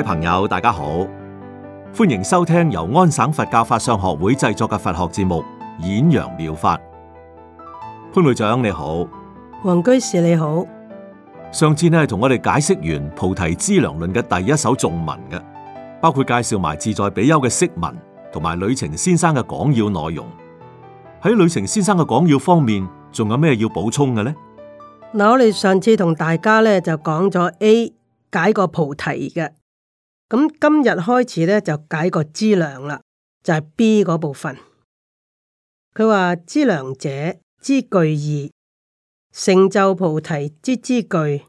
各位朋友，大家好，歡迎收聽由安省佛教法相學會製作嘅佛學節目《演揚妙法》。潘會長你好，黃居士你好。上次呢，同我哋解釋完《菩提資糧論》嘅第一首頌文嘅，包括介紹埋自在比丘嘅釋文，同埋呂澂先生嘅講要內容。喺呂澂先生嘅講要方面，仲有咩要補充嘅呢？嗱，我哋上次同大家呢就講咗 A 解過菩提嘅。咁今日開始咧就解個資糧啦，就係、是、B 嗰部分。佢話資糧者資具義，成就菩提之資具，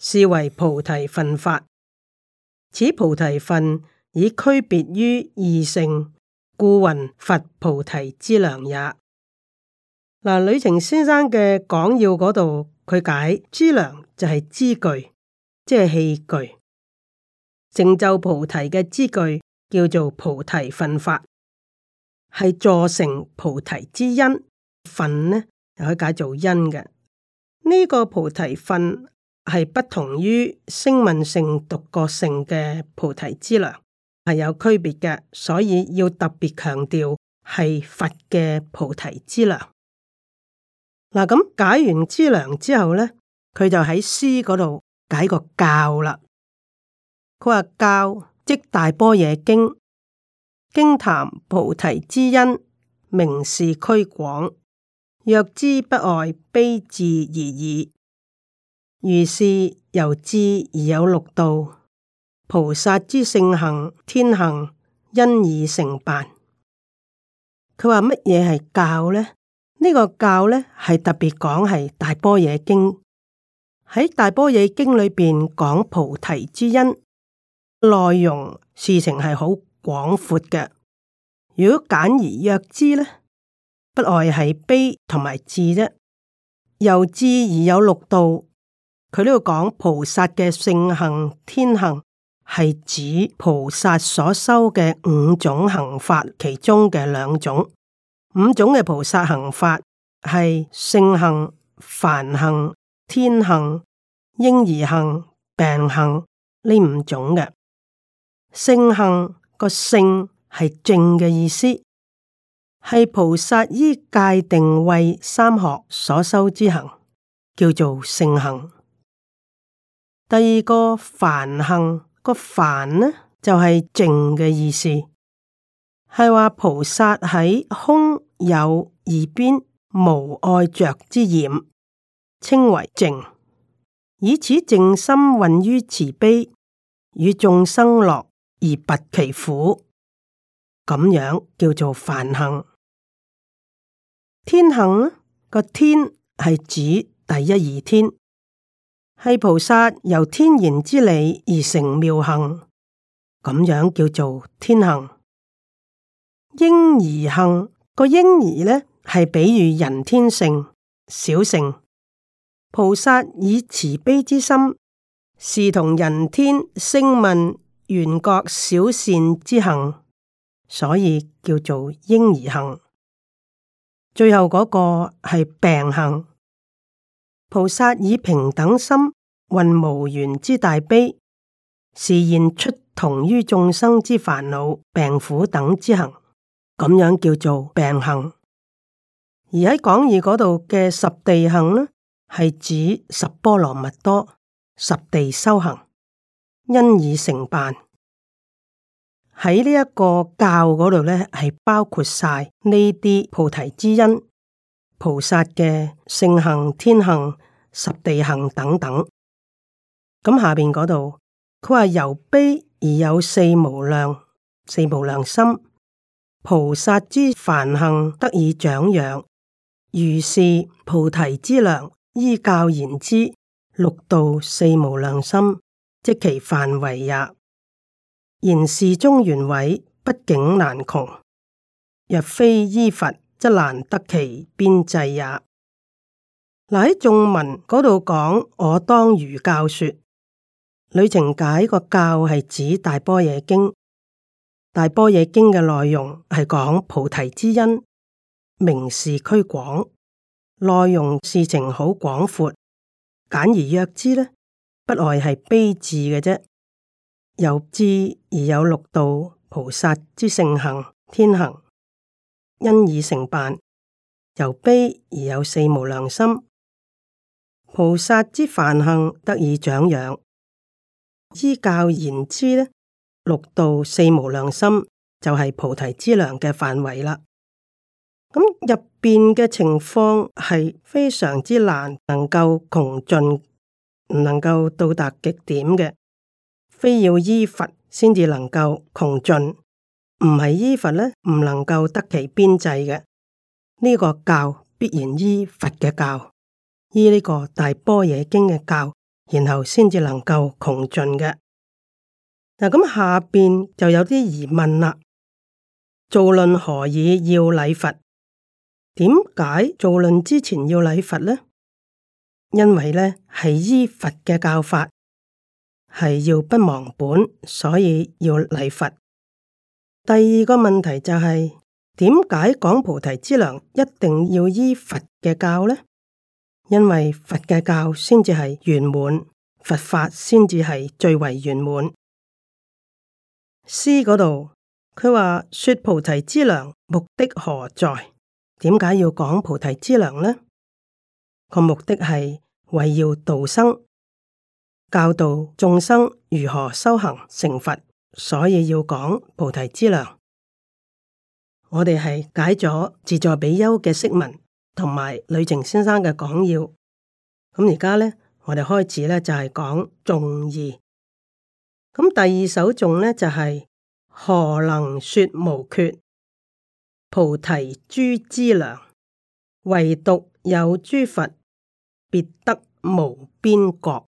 是為菩提分法。此菩提分已區別於二性，故云佛菩提資糧也。嗱，呂澄先生嘅講要嗰度，佢解資糧就係資具，即係器具。成就菩提嘅資具叫做菩提分法，係助成菩提之因。分呢就可以解做因嘅。呢、這個菩提分係不同於聲聞性、獨覺性嘅菩提之糧，係有區別嘅。所以要特別強調係佛嘅菩提之糧。嗱，咁解完之糧之後呢，佢就喺詩嗰度解個教啦。佢話教即大般若經，經談菩提之因，明示區廣，若知不外悲智而已。如是由智而有六道。菩薩之性行天行，因而成辦。佢話乜嘢係教呢？呢、呢個教呢係特別講係大般若經，喺大般若經裏邊講菩提之因。內容事情係好廣闊嘅，如果簡而約之呢，不外係悲同埋智啫。又知而有六度，佢呢度講菩薩嘅聖行天行，係指菩薩所修嘅五種行法，其中嘅兩種。五種嘅菩薩行法係聖行、凡行、天行、嬰兒行、病行呢五種嘅。聖行個性係淨嘅意思，係菩薩依戒定慧三學所修之行，叫做聖行。第二個梵行個梵呢就係、是、淨嘅意思，係話菩薩喺空有二邊無愛着之染，稱為淨。以此淨心運於慈悲，與眾生樂。而拔其苦，咁樣叫做梵行。天行咧，個天係指第一義天，係菩薩由天然之理而成妙行，咁樣叫做天行。嬰兒行個嬰兒呢係比喻人天性小性，菩薩以慈悲之心，視同人天、聲聞。緣覺小善之行，所以叫做嬰兒行。最後嗰個係病行，菩薩以平等心運無緣之大悲，示現出同於眾生之煩惱病苦等之行，咁樣叫做病行。而喺廣義嗰度嘅十地行呢，係指十波羅蜜多十地修行。因以成辦喺呢一個教嗰度咧，係包括晒呢啲菩提之恩、菩薩嘅聖行、天行、十地行等等。咁、嗯、下邊嗰度佢話由悲而有四無量、四無量心，菩薩之梵行得以長養，如是菩提之量。依教言之，六度四無量心。即其範圍也。然士中原位畢竟難窮，若非依佛，則難得其邊際也。嗱喺眾文嗰度講，我當如教說。旅程解個教係指大經《大般若經》，《大般若經》嘅內容係講菩提之因，明示區廣，內容事情好廣闊，簡而約之呢。不外係悲智嘅啫，由智而有六道，菩薩之聖行天行，因以成辦；由悲而有四無量心，菩薩之凡行得以長養。依教言之咧，六道四無量心就係菩提之量嘅範圍啦。咁、嗯、入邊嘅情況係非常之難，能夠窮盡。唔能夠到達極點嘅，非要依佛先至能夠窮盡，唔係依佛呢，唔能夠得其邊際嘅。呢、這個教必然依佛嘅教，依呢個大般若經嘅教，然後先至能夠窮盡嘅。嗱、啊，咁下邊就有啲疑問啦。造論何以要禮佛？點解造論之前要禮佛呢？因為咧係依佛嘅教法，係要不忘本，所以要禮佛。第二個問題就係點解講菩提資糧一定要依佛嘅教呢？因為佛嘅教先至係圓滿，佛法先至係最為圓滿。師嗰度佢話：說菩提資糧，目的何在？點解要講菩提資糧呢？個目的係。為要度生，教導眾生如何修行成佛，所以要講菩提之資糧。我哋係解咗自在比丘嘅釋文，同埋呂澂先生嘅講要。咁而家咧，我哋開始咧就係講眾義。咁第二首頌咧就係、是、何能說無缺菩提諸之資糧，唯獨有諸佛。別得無邊覺，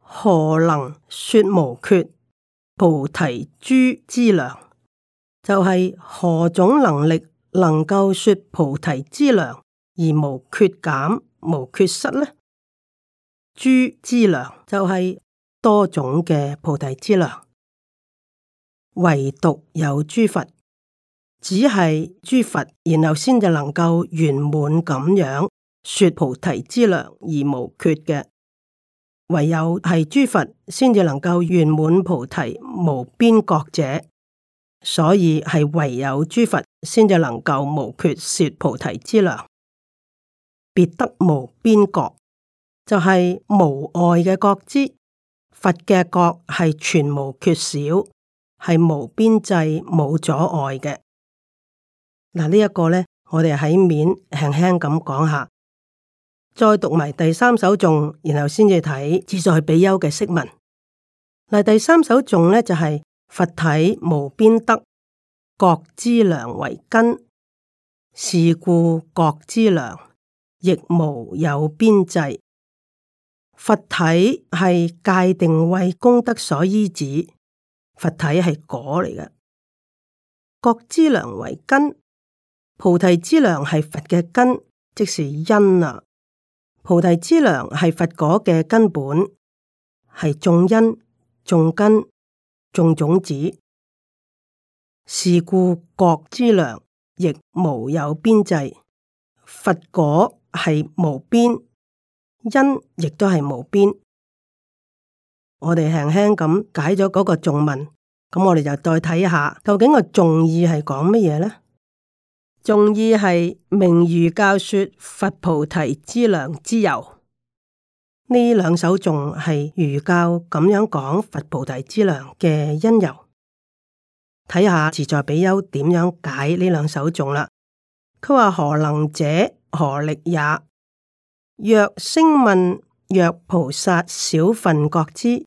何能說無缺？菩提諸資糧，就係、是、何種能力能夠說菩提資糧而無缺減、無缺失呢？諸資糧就係、是、多種嘅菩提資糧，唯獨有諸佛，只係諸佛，然後先至能夠圓滿咁樣。說菩提之量而無缺嘅，唯有係諸佛先至能夠圓滿菩提無邊覺者，所以係唯有諸佛先至能夠無缺說菩提之量，別得無邊覺，就係、是、無礙嘅覺之佛嘅覺係全無缺少，係無邊際、冇阻，阻礙嘅。嗱、這個，呢一個咧，我哋喺面輕輕咁講下。再讀埋第三首頌，然後先至睇自在比丘嘅釋文。嗱，第三首頌呢，就係、是、佛體無邊德，覺智糧為根。是故覺智糧亦無有邊際。佛體係界定為功德所依止，佛體係果嚟嘅。覺智糧為根，菩提之糧係佛嘅根，即是因啦、啊。菩提之糧係佛果嘅根本，係種因、種根、種種子。是故國之糧亦無有邊際，佛果係無邊，因亦都係無邊。我哋輕輕咁解咗嗰個頌文，咁我哋就再睇下，究竟個頌義係講乜嘢呢？仲意係明如教說佛菩提資糧之由，呢兩首頌係如教咁樣講佛菩提資糧嘅因由。睇下自在比丘點樣解呢兩首頌啦。佢話何能者何力也？若聲聞若菩薩少分覺之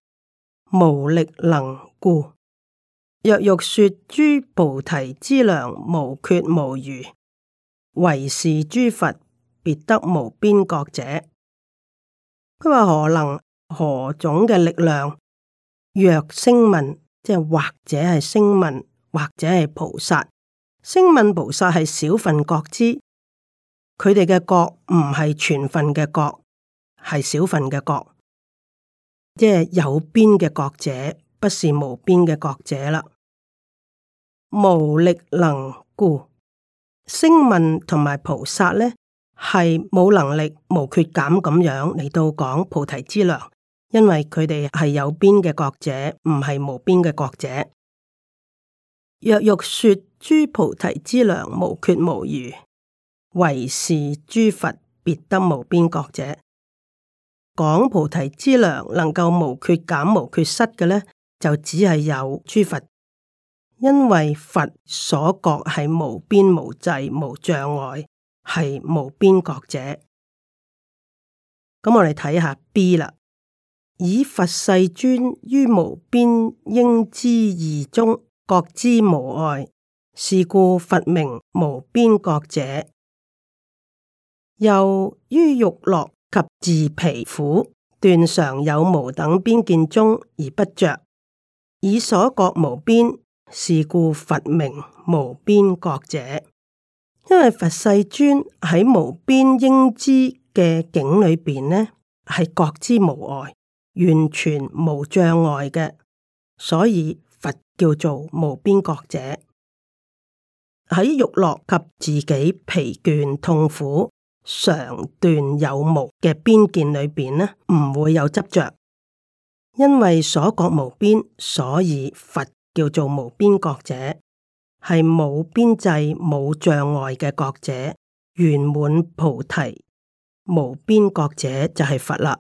無力能故。若欲說諸菩提之量無缺無餘，唯是諸佛別得無邊國者，佢話何能何種嘅力量？若聲聞，即係或者係聲聞，或者係菩薩，聲聞菩薩係小份國之，佢哋嘅國唔係全份嘅國，係小份嘅國，即係有邊嘅國者，不是無邊嘅國者啦。無力能故，聲聞同埋菩薩呢，係冇能力無缺減咁樣嚟到講菩提資糧，因為佢哋係有邊嘅覺者，唔係無邊嘅覺者。若欲說諸菩提資糧無缺無餘，唯是諸佛別得無邊覺者。講菩提資糧能夠無缺減、無缺失嘅呢，就只係有諸佛。因為佛所覺係無邊無際、無障礙，係無邊覺者。咁我哋睇下 B 啦，以佛世尊於無邊應知而中覺之無礙，是故佛名無邊覺者。又於欲樂及自皮苦，斷常有無等邊見中而不着。以所覺無邊。是故佛名無邊覺者，因為佛世尊喺無邊應知嘅境裏邊呢，係覺知無礙，完全無障礙嘅，所以佛叫做無邊覺者。喺欲樂及自己疲倦、痛苦、常斷有無嘅邊界裏邊呢，唔會有執着，因為所覺無邊，所以佛。叫做無邊覺者，係冇邊際、冇障礙嘅覺者，圓滿菩提，無邊覺者就係佛啦。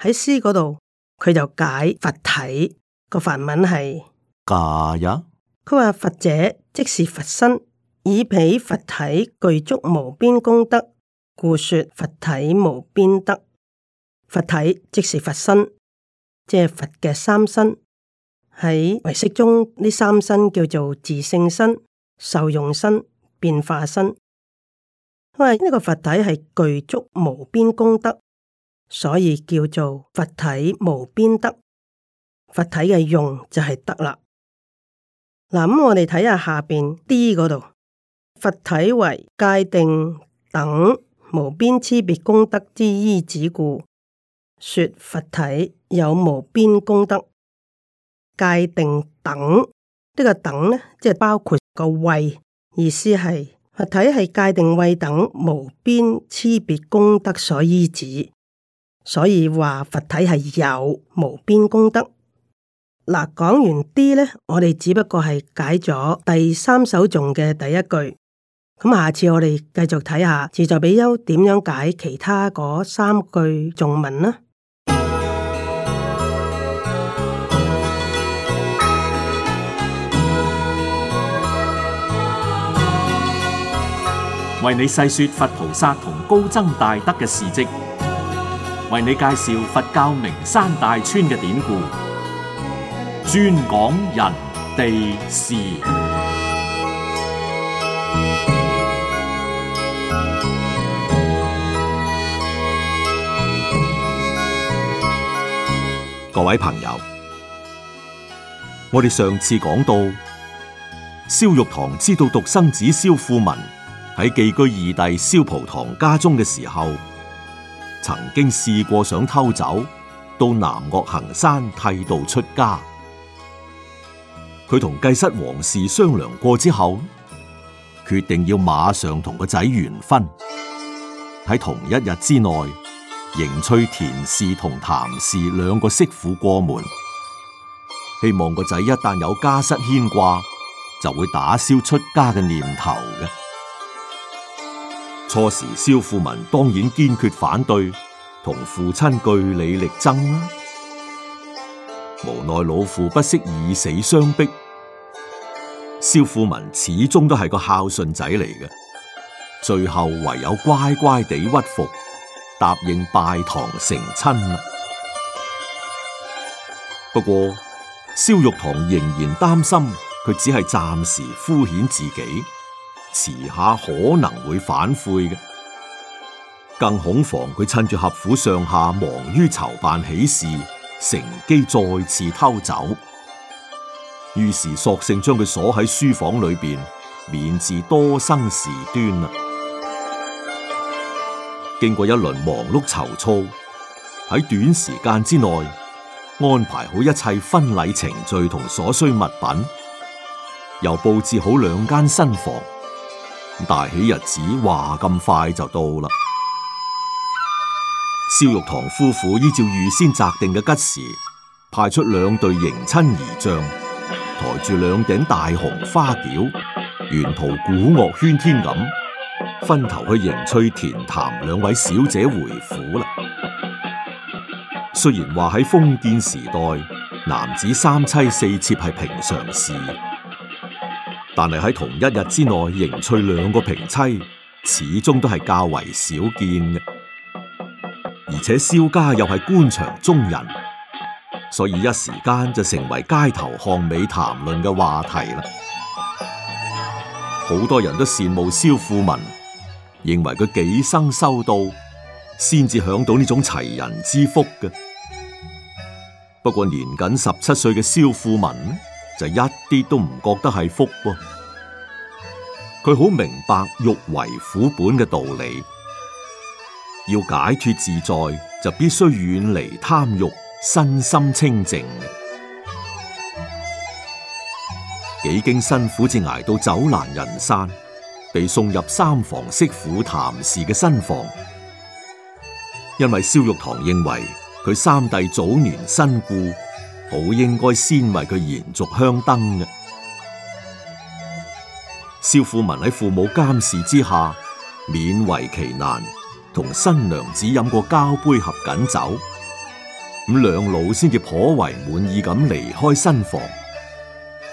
喺詩嗰度，佢就解佛體個梵文係假呀。佢話佛者即是佛身，以彼佛體具足無邊功德，故說佛體無邊德。佛體即是佛身，即係佛嘅三身。喺唯識中，呢三身叫做自性身、受用身、變化身。因為呢個佛體係具足無邊功德，所以叫做佛體無邊德。佛體嘅用就係德啦。嗱，咁我哋睇下下邊 D 嗰度，佛體為界定等無邊差別功德之依止故，說佛體有無邊功德。界定等呢、呢個等呢，即係包括個位意思係佛體係界定位等無邊差別功德所依止，所以話佛體係有無邊功德。嗱，講完啲呢，我哋只不過係解咗第三首頌嘅第一句。咁下次我哋繼續睇下自在比丘點樣解其他嗰三句頌文呢。為你細說佛菩薩同高僧大德嘅事跡，為你介紹佛教名山大川嘅典故，專講人地事。各位朋友，我哋上次講到，蕭玉堂知道獨生子蕭富民。喺寄居二弟蕭蒲堂家中嘅時候，曾經試過想偷走，到南岳衡山剃度出家。佢同繼室王氏商量過之後，決定要馬上同個仔完婚。喺同一日之內，迎娶田氏同譚氏兩個媳婦過門，希望個仔一旦有家室牽掛，就會打消出家嘅念頭嘅。初時，蕭富民當然堅決反對，同父親據理力爭啦、啊。無奈老父不惜以死相逼，蕭富民始終都係個孝順仔嚟嘅，最後唯有乖乖地屈服，答應拜堂成親、啊。不過，蕭玉堂仍然擔心佢只係暫時敷衍自己。遲下可能會反悔嘅，更恐防佢趁住合府上下忙於籌辦喜事，乘機再次偷走。於是索性將佢鎖喺書房裏邊，免致多生事端啦。經過一輪忙碌籌措，喺短時間之內安排好一切婚禮程序同所需物品，又布置好兩間新房。大喜日子話咁快就到啦，蕭玉堂夫婦依照預先擇定嘅吉時，派出兩對迎親儀仗，抬住兩頂大紅花轎，沿途鼓樂喧天咁，分頭去迎娶田譚兩位小姐回府啦。雖然話喺封建時代，男子三妻四妾係平常事。但係喺同一日之內迎娶兩個平妻，始終都係較為少見嘅。而且蕭家又係官場中人，所以一時間就成為街頭巷尾談論嘅話題啦。好多人都羨慕蕭富民，認為佢幾生修道先至享到呢種齊人之福嘅。不過年僅十七歲嘅蕭富民。就一啲都唔覺得係福，佢好明白欲為苦本嘅道理，要解脱自在就必須遠離貪欲，身心清淨。幾 經辛苦，至挨到走難人山，被送入三房媳婦譚氏嘅新房。因為蕭玉堂認為佢三弟早年身故。好應該先為佢延續香燈嘅。蕭富文喺父母監視之下，勉為其難，同新娘子飲過交杯合卺酒，咁兩老先至頗為滿意咁離開新房，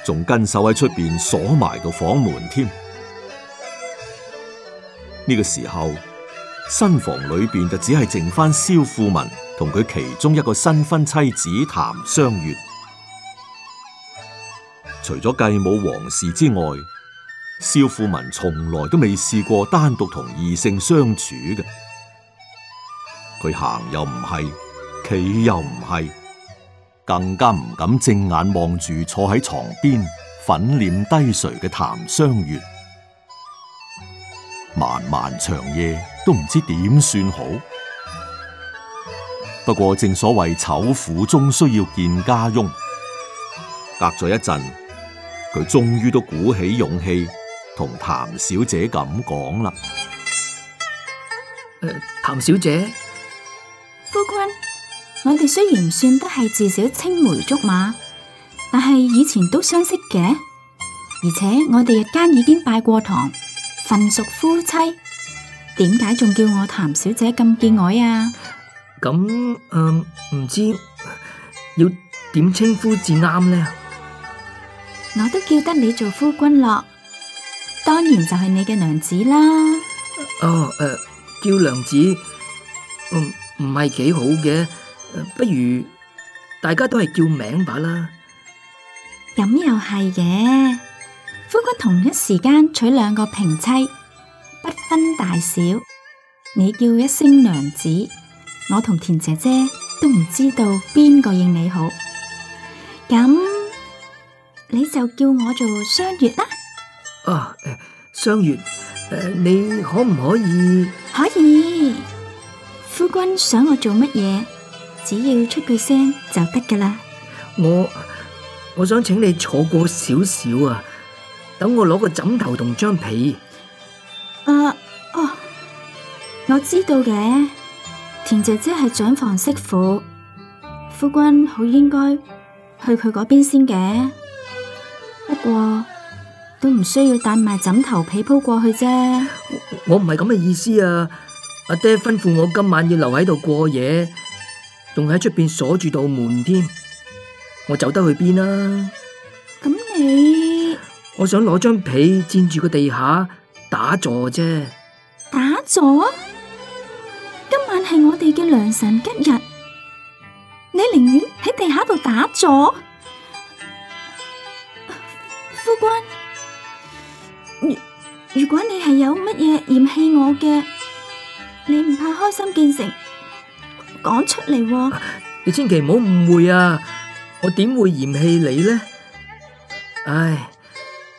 仲跟手喺出邊鎖埋度房門添。呢個時候，新房裏邊就只係剩翻蕭富文。同佢其中一個新婚妻子譚相月除咗繼母王氏之外，蕭富民從來都未試過單獨同異性相處嘅。佢行又唔係，企又唔係，更加唔敢正眼望住坐喺床邊粉臉低垂嘅譚相月。漫漫長夜都唔知點算好。不過正所謂醜婦終需要見家翁，隔咗一陣，佢終於都鼓起勇氣同譚小姐咁講啦。譚、呃、小姐，夫君，我哋雖然算得係自小青梅竹馬，但係以前都相識嘅，而且我哋日間已經拜過堂，份屬夫妻，點解仲叫我譚小姐咁見外啊？咁，嗯，唔知要點稱呼至啱呢？我都叫得你做夫君咯，當然就係你嘅娘子啦。哦，誒、呃，叫娘子，唔係幾好嘅，不如大家都係叫名吧啦。咁又係嘅，夫君同一時間娶兩個平妻，不分大小，你叫一聲娘子。我同田姐姐都唔知道邊個應你好，咁你就叫我做雙月啦。哦、啊，雙月，誒、呃，你可唔可以？可以，夫君想我做乜嘢？只要出句聲就得噶啦。我我想請你坐過少少啊，等我攞個枕頭同張被。啊哦，我知道嘅。田姐姐係長房媳婦，夫君好應該去佢嗰邊先嘅。不過都唔需要帶埋枕頭被鋪過去啫。我唔係咁嘅意思啊！阿爹吩咐我今晚要留喺度過夜，仲喺出邊鎖住道門添。我走得去邊啊？咁你？我想攞張被墊住個地下打坐啫。打坐？打坐係我哋嘅良辰吉日，你寧願喺地下度打坐，夫君。如如果你係有乜嘢嫌棄我嘅，你唔怕開心見誠，講出嚟。你千祈唔好誤會啊！我點會嫌棄你呢？唉，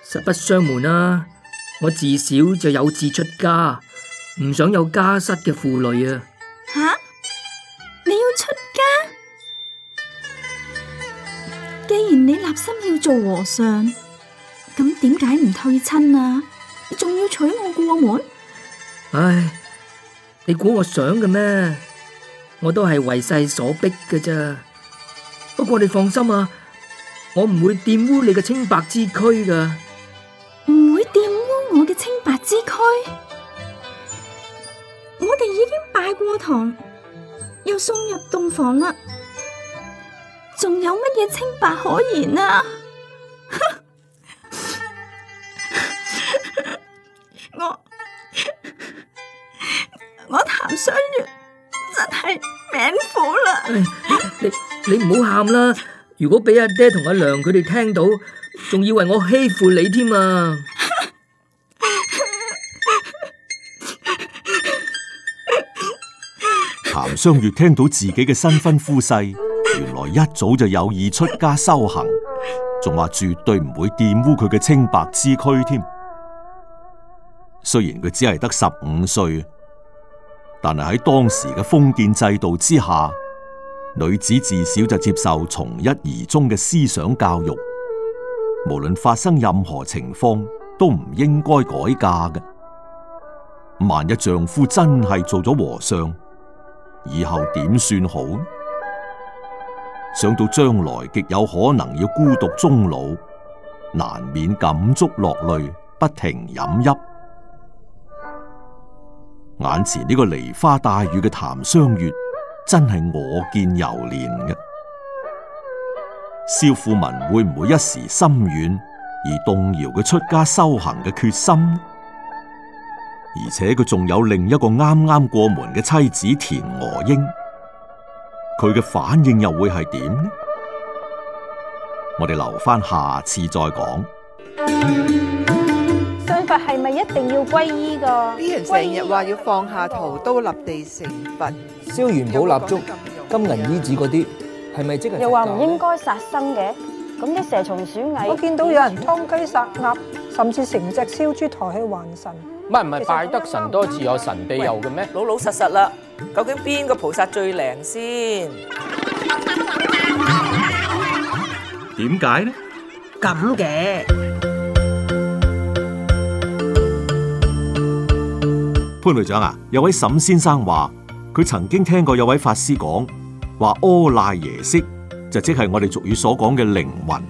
實不相瞞啦，我自小就有志出家，唔想有家室嘅負累啊！做和尚咁，點解唔退親啊？仲要娶我過門？唉，你估我想嘅咩？我都係為勢所逼嘅啫。不過你放心啊，我唔會玷污你嘅清白之軀噶。唔會玷污我嘅清白之軀？我哋已經拜過堂，又送入洞房啦，仲有乜嘢清白可言啊？你唔好喊啦！如果俾阿爹同阿娘佢哋聽到，仲以為我欺負你添啊！譚湘月聽到自己嘅新婚夫婿，原來一早就有意出家修行，仲話絕對唔會玷污佢嘅清白之軀添。雖然佢只係得十五歲，但係喺當時嘅封建制度之下。女子自小就接受從一而終嘅思想教育，無論發生任何情況都唔應該改嫁嘅。萬一丈夫真係做咗和尚，以後點算好？想到將來極有可能要孤獨終老，難免感觸落淚，不停飲泣。眼前呢個梨花帶雨嘅譚湘月。真係我見猶憐嘅，肖富民會唔會一時心軟而動搖佢出家修行嘅決心？而且佢仲有另一個啱啱過門嘅妻子田娥英，佢嘅反應又會係點呢？我哋留翻下次再講。佛係咪一定要皈依噶？啲人成日話要放下屠刀立地成佛，燒元寶蠟燭、金銀衣紙嗰啲，係咪即係？又話唔應該殺生嘅，咁啲蛇蟲鼠蟻，我見到有人劏雞殺鴨，甚至成隻燒豬抬去還神。唔係唔係，拜得神多自有神庇佑嘅咩？老老實實啦，究竟邊個菩薩最靈先？點解呢？咁嘅。潘隊長啊，有位沈先生話，佢曾經聽過有位法師講，話阿賴耶識就即係我哋俗語所講嘅靈魂。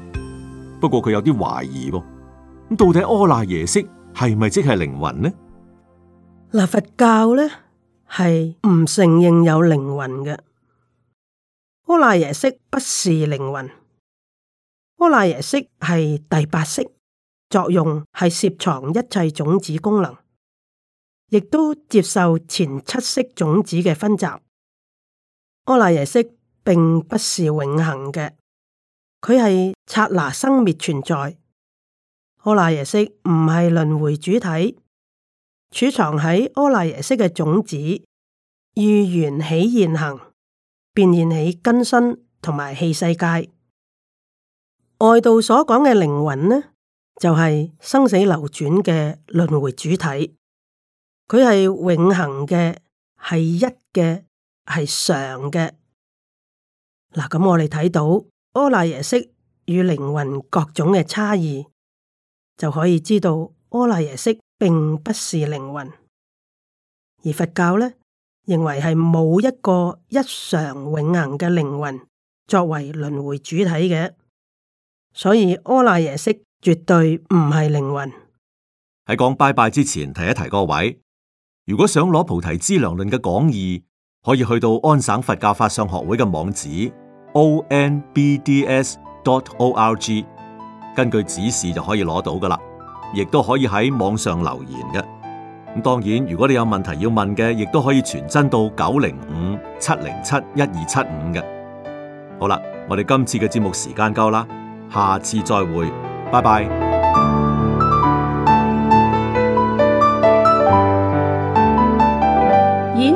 不過佢有啲懷疑噃，咁到底阿賴耶識係咪即係靈魂呢？嗱，佛教呢係唔承認有靈魂嘅，阿賴耶識不是靈魂，阿賴耶識係第八識，作用係攝藏一切種子功能。亦都接受前七識種子嘅分集。阿賴耶識並不是永恆嘅，佢係剎那生滅存在。阿賴耶識唔係輪迴主體，儲藏喺阿賴耶識嘅種子，遇緣起現行，變現起根身同埋器世界。外道所講嘅靈魂呢，就係、是、生死流轉嘅輪迴主體。佢係永恒嘅，係一嘅，係常嘅。嗱、啊，咁我哋睇到阿賴耶識與靈魂各種嘅差異，就可以知道阿賴耶識並不是靈魂。而佛教咧認為係冇一個一常永恒嘅靈魂作為輪迴主體嘅，所以阿賴耶識絕對唔係靈魂。喺講拜拜之前，提一提各位。如果想攞《菩提資糧論》嘅講義，可以去到安省佛教法相學會嘅網址 o n b d s dot o r g，根據指示就可以攞到噶啦。亦都可以喺網上留言嘅。咁當然，如果你有問題要問嘅，亦都可以傳真到九零五七零七一二七五嘅。好啦，我哋今次嘅節目時間夠啦，下次再會，拜拜。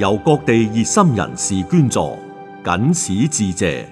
由各地熱心人士捐助，謹此致謝。